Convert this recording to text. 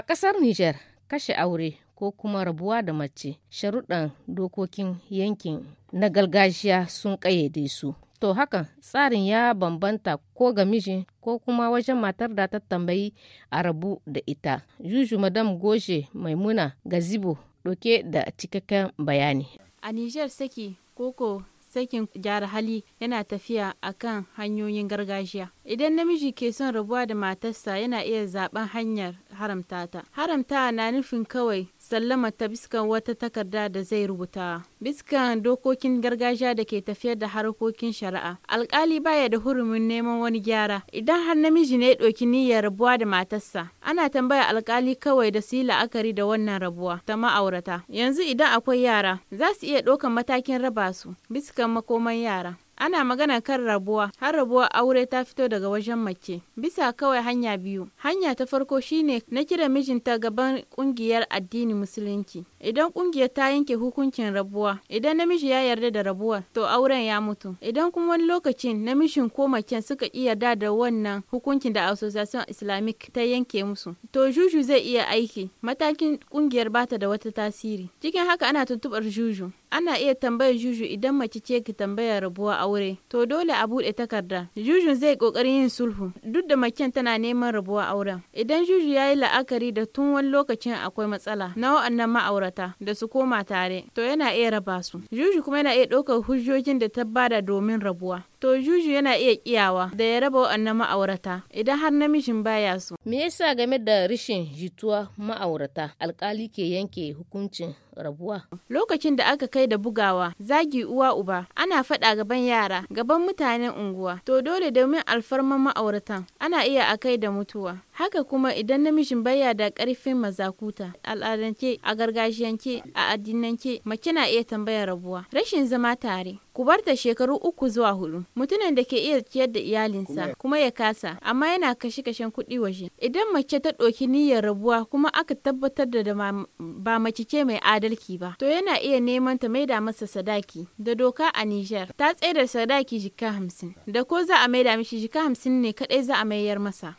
A ƙasar Nijar, kashe aure ko kuma rabuwa da mace sharuɗan dokokin yankin na gargajiya sun ƙayyade su. To hakan tsarin ya bambanta ko ga miji ko kuma wajen matar da ta tambayi a rabu da ita. Juju Madam Goshe Maimuna Gazibo ɗauke da cikakken bayani. A Nijar saki koko sakin gyara hali yana tafiya akan hanyoyin gargajiya. Idan namiji ke son rabuwa da matarsa yana iya zaben hanyar haramta ta. Haramta na nufin kawai sallama ta biskan wata takarda da zai rubuta. Biskan dokokin gargajiya da ke tafiyar da harkokin shari'a. Alkali baya da hurumin neman wani gyara. Idan har namiji ne ɗauki niyyar rabuwa da matarsa, ana tambaya alkali kawai da su yi la'akari da wannan rabuwa ta ma'aurata. Yanzu idan akwai yara, za su iya ɗaukan matakin raba su, biskan makoman yara. Ana magana kan rabuwa, har rabuwar aure ta fito daga wajen mace. Bisa kawai hanya biyu. Hanya ta farko shine na kira mijinta gaban kungiyar addini Musulunci. Idan kungiyar ta yanke hukuncin rabuwa, idan namiji ya yarda da rabuwa, to auren ya mutu. Idan kuma wani lokacin namijin ko macen suka iya yarda da wannan hukuncin da Association Islamic ta yanke musu, to juju zai iya aiki. Matakin kungiyar bata da wata tasiri. Cikin haka ana tuntubar juju. ana iya tambayar juju idan mace ce ki tambaya rabuwa aure to dole a bude takarda Juju zai kokarin yin sulhu duk da macen tana neman rabuwa auren idan juju ya yi la'akari da tun wani lokacin akwai matsala na wa'annan ma'aurata ma'aurata da su koma tare to yana iya raba su juju kuma yana iya ɗaukar hujjojin da ta bada domin rabuwa To Juju yana iya kiyawa da ya raba waɗannan ma'aurata idan har namijin baya su. Me yasa game da rashin jituwa ma'aurata alkali ke yanke hukuncin rabuwa? Lokacin da aka kai da bugawa zagi uwa uba ana faɗa gaban yara gaban mutanen unguwa to dole domin alfarman ma'auratan ana iya a kai da mutuwa. Haka kuma idan namijin baya da ƙarfin mazakuta al'adance a gargajiyance a addinance mace na iya tambayar rabuwa rashin zama tare. ku bar shekaru uku zuwa hudu mutumin da ke iya ciyar da iyalinsa kuma ya kasa amma yana kashe kashen kuɗi waje idan mace ta ɗauki niyyar rabuwa kuma aka tabbatar da ba mace ce mai adalci ba to yana iya neman ta maida masa sadaki da doka a Niger ta tsere sadaki jika hamsin da ko za a maida mishi jika hamsin ne kadai za a mayar masa